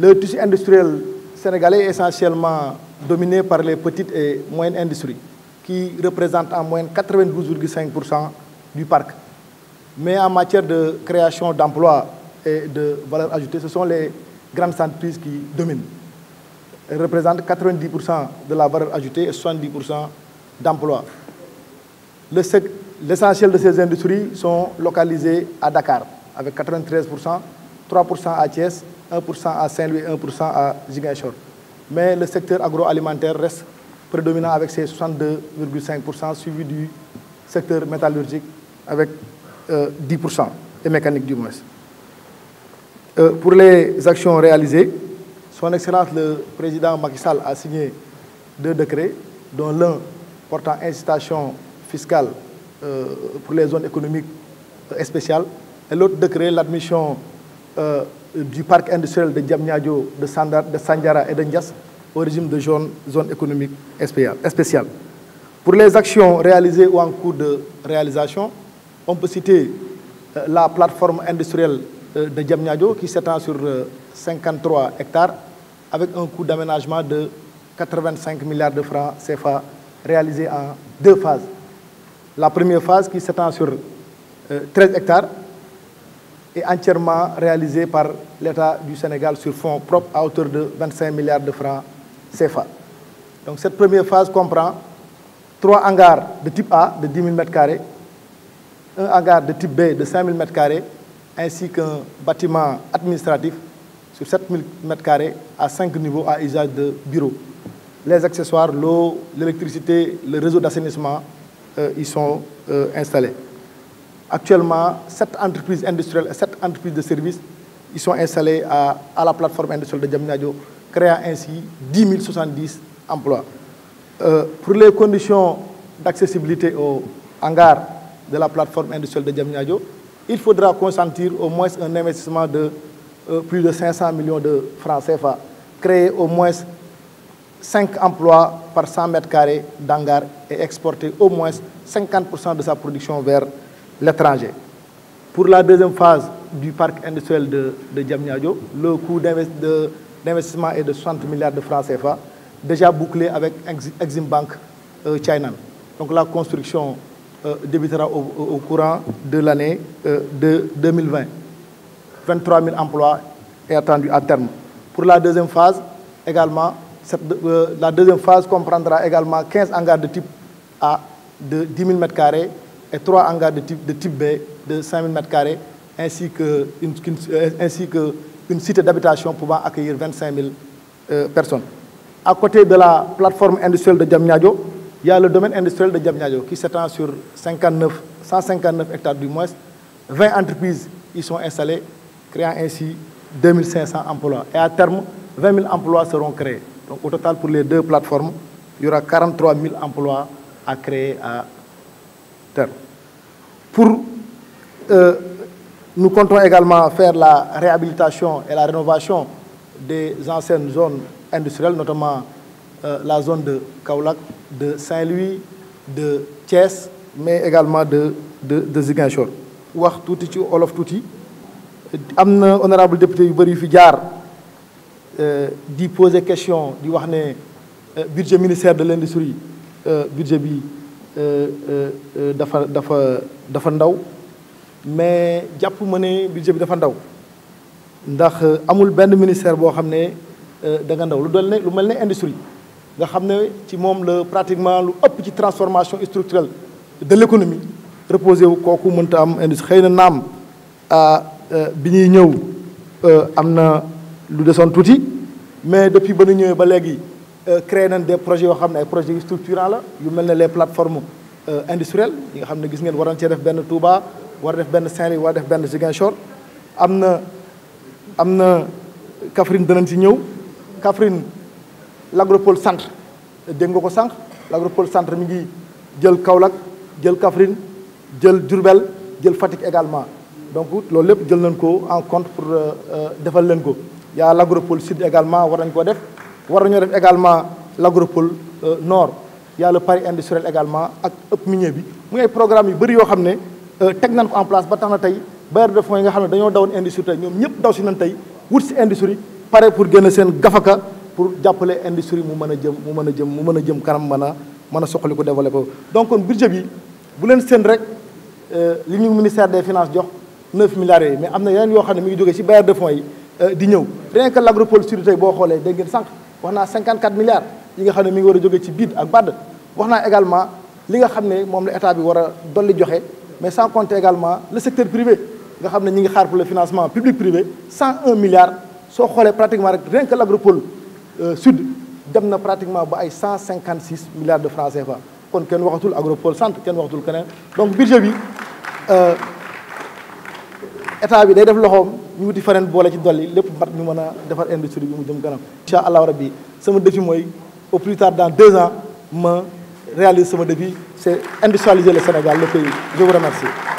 le tissu industriel sénégalais est essentiellement dominé par les petites et moyennes industries, qui représentent en moyenne 92,5% du parc. Mais en matière de création d'emplois et de valeur ajoutée, ce sont les grandes entreprises qui dominent. Elles représentent 90% de la valeur ajoutée et 70% d'emplois. L'essentiel de ces industries sont localisées à Dakar, avec 93%, 3 à Thiès, 1 à Saint-Louis, 1 à Ziguinchor. Mais le secteur agroalimentaire reste prédominant avec ses 62,5 suivi du secteur métallurgique avec 10 euh, et mécanique du moins. Euh, pour les actions réalisées, son Excellence le Président Macky Sall a signé deux décrets, dont l'un portant incitation fiscale euh, pour les zones économiques spéciales et l'autre décret l'admission euh, du parc industriel de Diamniadio, de, Sandar, de et de au régime de zone, zone économique spéciale. Pour les actions réalisées ou en cours de réalisation, on peut citer euh, la plateforme industrielle euh, de Diamniadio qui s'étend sur 53 hectares avec un coût d'aménagement de 85 milliards de francs CFA réalisé en deux phases. La première phase qui s'étend sur 13 hectares entièrement réalisé par l'État du Sénégal sur fonds propres à hauteur de 25 milliards de francs CFA. Donc cette première phase comprend trois hangars de type A de 10 000 m2, un hangar de type B de 5 000 m2, ainsi qu'un bâtiment administratif sur 7 000 m2 à 5 niveaux à usage de bureaux. Les accessoires, l'eau, l'électricité, le réseau d'assainissement euh, sont euh, installés. Actuellement, cette entreprises industrielles, entreprises de services. Ils sont installés à, la plateforme industrielle de Djamnadio, créant ainsi 10 070 emplois. Euh, pour les conditions d'accessibilité au hangar de la plateforme industrielle de Djamnadio, il faudra consentir au moins un investissement de euh, plus de 500 millions de francs CFA, créer au moins 5 emplois par 100 mètres carrés d'hangar et exporter au moins 50% de sa production vers l'étranger. Pour la deuxième phase, du parc industriel de, de Le coût d'investissement est de 60 milliards de francs CFA, déjà bouclé avec Exim Bank euh, China. Donc la construction euh, débutera au, courant de l'année euh, de 2020. 23 000 emplois est attendu à terme. Pour la deuxième phase, également, la deuxième phase comprendra également 15 hangars de type A de 10 000 m2 et 3 hangars de type, de type B de 5 000 m2 ainsi qu'une euh, ainsi que une cité d'habitation pouvant accueillir 25 000 euh, personnes. À côté de la plateforme industrielle de Djamnyadjo, il y a le domaine industriel de Djamnyadjo qui s'étend sur 159 hectares du moins. 20 entreprises y sont installées, créant ainsi 2500 emplois. Et à terme, 20 000 emplois seront créés. Donc au total, pour les deux plateformes, il y aura 43 000 emplois à créer à terme. Pour euh, nous comptons également faire la réhabilitation et la rénovation des anciennes zones industrielles, notamment euh, la zone de Kaulak, de Saint-Louis, de Thiès, mais également de, de, de Ziguinchor. wax tout ci olof tuuti am honorable député yu bëri yu fi euh, poser question di wax le euh, budget ministère de l'industrie budget bi dafa dafa mais japp ma ne budget bi amul benn ministère boo xam ne euh, da nga ndaw ne lu mel ne industrie ne ci le pratiquement lu ëpp transformation structurelle de l' économie reposé wu kooku mënta am industrie xëy na naam ah, euh, bi ñuy ñëw euh, am na lu desoon tuuti mais depuis ba ñu ñëwee créé des projets yoo xam ne ay projet yu structurant la yu mel ne les plateformes industrielles yi nga xam ne gis ngeen waroon cee def war def benn Saint-Louis war def benn Ziguinchor am na am na ci ñëw l'agropole centre dégg nga ko l'agropole centre mi ngi jël kaolak jël Kaffrine jël Diourbel jël fatik également donc loolu lépp jël nañ ko en compte pour euh, euh, defal leen ko y'a l'agropole sud également war nañ koo def war nañoo def également l'agropole euh, nord y'a le pari industriel également ak ëpp minier bi muy ay programme yu bëri yoo xam Euh, teg nañ ko en place ba tax na tey bailleurs de fonds yi nga xam ne dañoo dawoon industrie tey ñoom ñëpp daw si nañ tey wut si industrie pare pour génn seen gafaka pour jàppale industrie mu mën a jëm mu mën a jëm mu mën a jëm kanam mën a mën a ko développé ko donc kon budget bi bu leen seen rek euh, li ñu ministère de finance jox 9 milliards yooyu mais am na yeneen yoo xam ne mi ngi jógee si bailleurs de fonds yi euh, di ñëw rien que l' agropole tey boo xoolee dégg ngeen sànq wax naa 54 nga xam ne mi ngi war a jógee ci ak BAD wax naa également li nga xam ne moom la état bi war a dolli joxe mais sans compter également le secteur privé nga xam ne ñi ngi xaar pour le financement public privé 101 milliards soo xoolee pratiquement rien que l'agropole euh, sud dem na pratiquement ba ay 156 milliards de francs CFA kon kenn waxatul agropole centre kenn waxatul keneen donc budget bi euh, état bi day def loxoom ñu wuti feneen boole ci dolli lépp mat ñu mën a defar industrie bi mu jëm kanam. incha allahu rabbi sama défi au plus tard dans deux ans ma réaliser de vie, c'est industrialiser le Sénégal, le pays. Je vous remercie.